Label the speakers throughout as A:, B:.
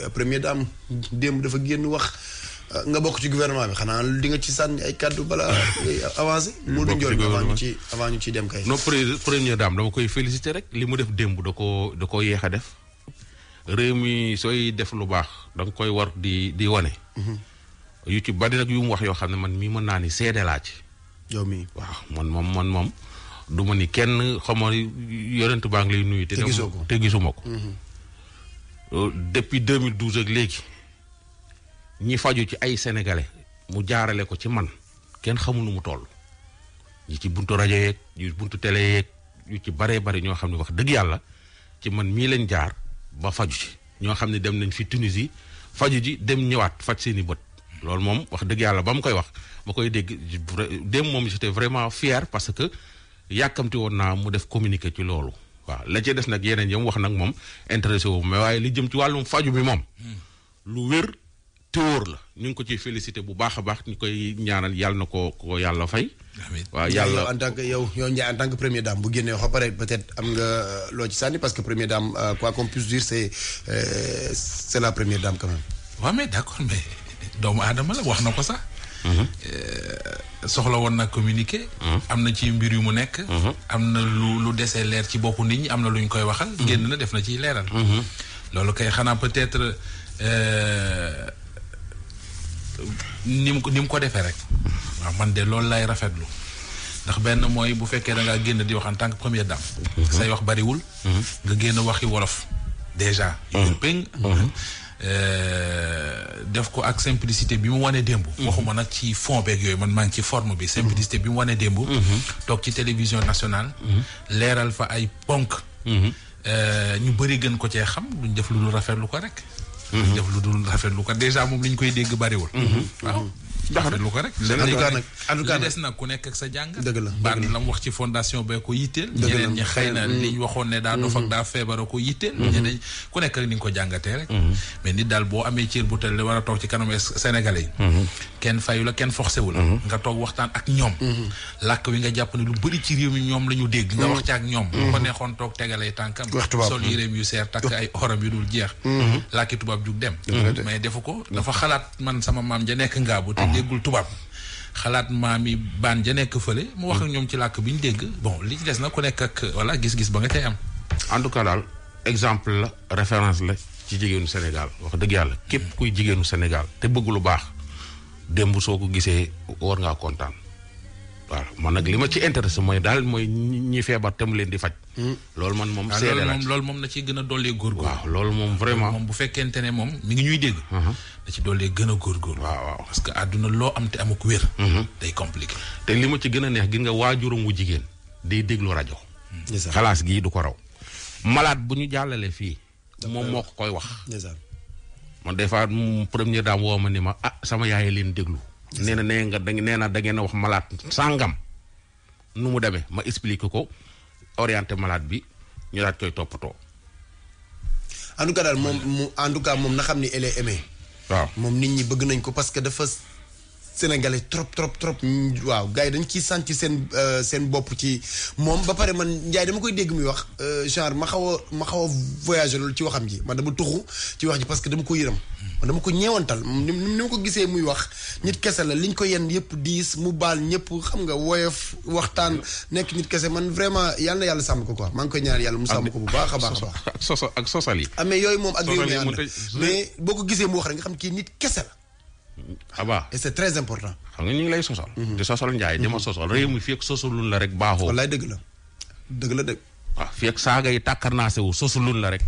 A: Euh, première dame démb dafa génn wax euh, nga bokk ci gouvernement bi xanaa di nga ci sànni ay kàddu balaa avancé mu du njool avant ñu ci avant ñu ciy dem kay non
B: première dame dama koy félicité rek li mu def démb da ko da ko yeex a def réew mi sooy def lu baax danga koy war di di wane mhm. yu ci bari nag yu mu wax yoo xam ne man mii mën naa ni seede laa ci yow mii waaw man moom man moom du ma ni kenn xamoo yonent baa ngi lay nuyu te gisuma ko mhm. Euh, depuis 2012 ak léegi ñi faju ci ay sénégalais mu jaarale ko ci man kenn xamul nu mu toll ñi ci buntu rajo yeeg ñu buntu télé yeeg ñu ci baree bari ñoo xam ne wax dëgg yàlla ci man mii leen jaar ba faju ci ñoo xam ne dem nañ fi Tunisie faju ji dem ñëwaat faj seeni bët loolu moom wax dëgg yàlla ba mu koy wax ma koy dégg dem moom j'étais vraiment fier parce que yàkkamti woon naa mu def communiqué ci loolu waaw la ca des nag yeneen yam wax nag moom intéressé wu mais waaye li jëm ci wàllum faju bi moom. lu wér te wóor la ñu ngi ko ci félicité bu baax a baax ñu koy ñaanal yàlla na ko ko yàlla fay. waaw yàlla
A: en tant que yow yow Ndiaye en tant que première dame bu génnee wax pare peut-être am nga euh, loo ci sànni parce que première dame euh, quoi qu'on puisse dire euh, c'est la première dame quand même.
C: waaw mais d'accord mais doomu aadama la wax na ko sax. Mhm. soxla woon nag communiqué. Hmm. am na ci mbir yu mu nekk. Hmm. am na lu lu desee leer ci boppu nit ñi am na lu ñu koy waxal. Hmm. génn na def na ciy leeral. loolu kay xanaa peut-être euh, ni mu ko ni ko defee rek. waaw man de loolu lay rafetlu ndax benn mooy bu fekkee da ngaa génn di wax en tant que première dame. say wax bariwul. nga génn waxi wolof déjà. yu Euh, def ko ak simplicité bi mu wanee démb. Mhm. waxuma nag ci fond beeg yooyu man maa ngi ci forme bi. Mhm. simplicité bi mu wane démb. Mhm. toog ci télévision nationale. leeral fa ay ponk. Euh, ñu bëri gën ko cee xam duñ def lu dul rafetlu ko rek. duñ def lu dul rafetlu ko déjà moom li ñu koy dégg bariwul. waaw jaxalu ko rek. en tout cas des nag ku nekk ak sa jàng. dëgg la baat la mu wax ci fondation bee ko yitteel. ñeneen ñi xëy na li waxoon ne daa dof ak mm-hmm. daa feebara ko yitteel. Mm-hmm. ñeneen ku nekk ak ni nga ko jàngatee rek. Mm-hmm. mais nit daal boo amee cër bu li war a toog ci kanam Sénégalais kenn fayu la kenn forcé wu la mhm. nga toog waxtaan ak ñoom mhm. làkk wi nga jàpp ne lu bëri ci réew mi ñoom la ñu dégg nga mhm. wax ci ak ñoom bu ko neexoon toog tegalay tànkam sol yéreem yu seer takk ay oram yu dul jeex làkki tubaab jug dem mais defu ko dafa xalaat man sama maam ja nekk ngaabu te déggul tubaab xalaat maam yi baan ja nekk fële mu wax ak ñoom ci làkk bi ñu dégg bon li ci des na ku nekk ak voilà
B: gis-gis ba nga tey am en tout cas daal exemple la référence la ci jigéenu Sénégal wax dëgg yàlla képp kuy jigéenu Sénégal te baax démb soo ko gisee war ngaa kontaan waaw man nag li ma ci intéressé mooy daal mooy ñi feebar te mu leen di faj. Hmm. loolu man moom ah, seede la loolu
C: moom na ci gën a dollee góorgóorlu. waaw loolu moom vraiment moom fekkente ne moom mi ngi ñuy dégg. Uh-huh. na ci dollee gën a góor waaw waaw parce que àdduna loo am te amuk wér. Uh-huh.
B: day compliqué. te li ma ci gën a neex gis nga waajuram wu jigéen day déglu rajo. Hmm. xalaas gii du ko raw. malaat bu ñu jàllalee fii. moom euh. moo ko koy wax. man des fois mu première dame woo ma ni ma ah sama yaay leen déglu. nee na nee nga da nee na da ngeen wax malaat sàngam nu mu demee ma expliqué ko orienté malaat bi ñu daal koy toppatoo.
A: en tout daal moom mu en moom na xam ni elle est aimée. waaw moom nit ñi bëgg nañ ko parce que dafa sénégalais trop trop trop waaw gars yi dañ ciy sant seen euh, seen bopp ci moom ba pare man Ndiaye dama koy dégg muy wax euh, genre ma xaw a ma xaw a voyagé loolu ci waxam ji man dama tuxu ci wax ji parce que dama ko yëram dama ko ñeewantal ni ma ko gisee muy wax nit kese la liñ koy yenn yëpp diis mu baal ñëpp xam nga woyof waxtaan nekk nit kese man vraiment yàlla na yàlla sàmm ko quoi maa ngi koy ñaanal yàlla mu sàmm ko bu baax a baax a baax soso ak sosal yi ah, mais yooyu moom ak réew mais boo ko gisee mu wax rek nga xam kii nit kese la abaa et c'est très important. xam nga ñu ngi lay
B: sosal. Mhm. di sosal Ndiaye di ma mhm. sosal réew mi fii ak sosalul la rek baaxoo. wallaay dëgg la dëgg la de. waaw fii ak saaga yi tàkkarnaase wu sosalul la rek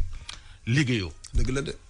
B: liggéeyoo. dëgg la de.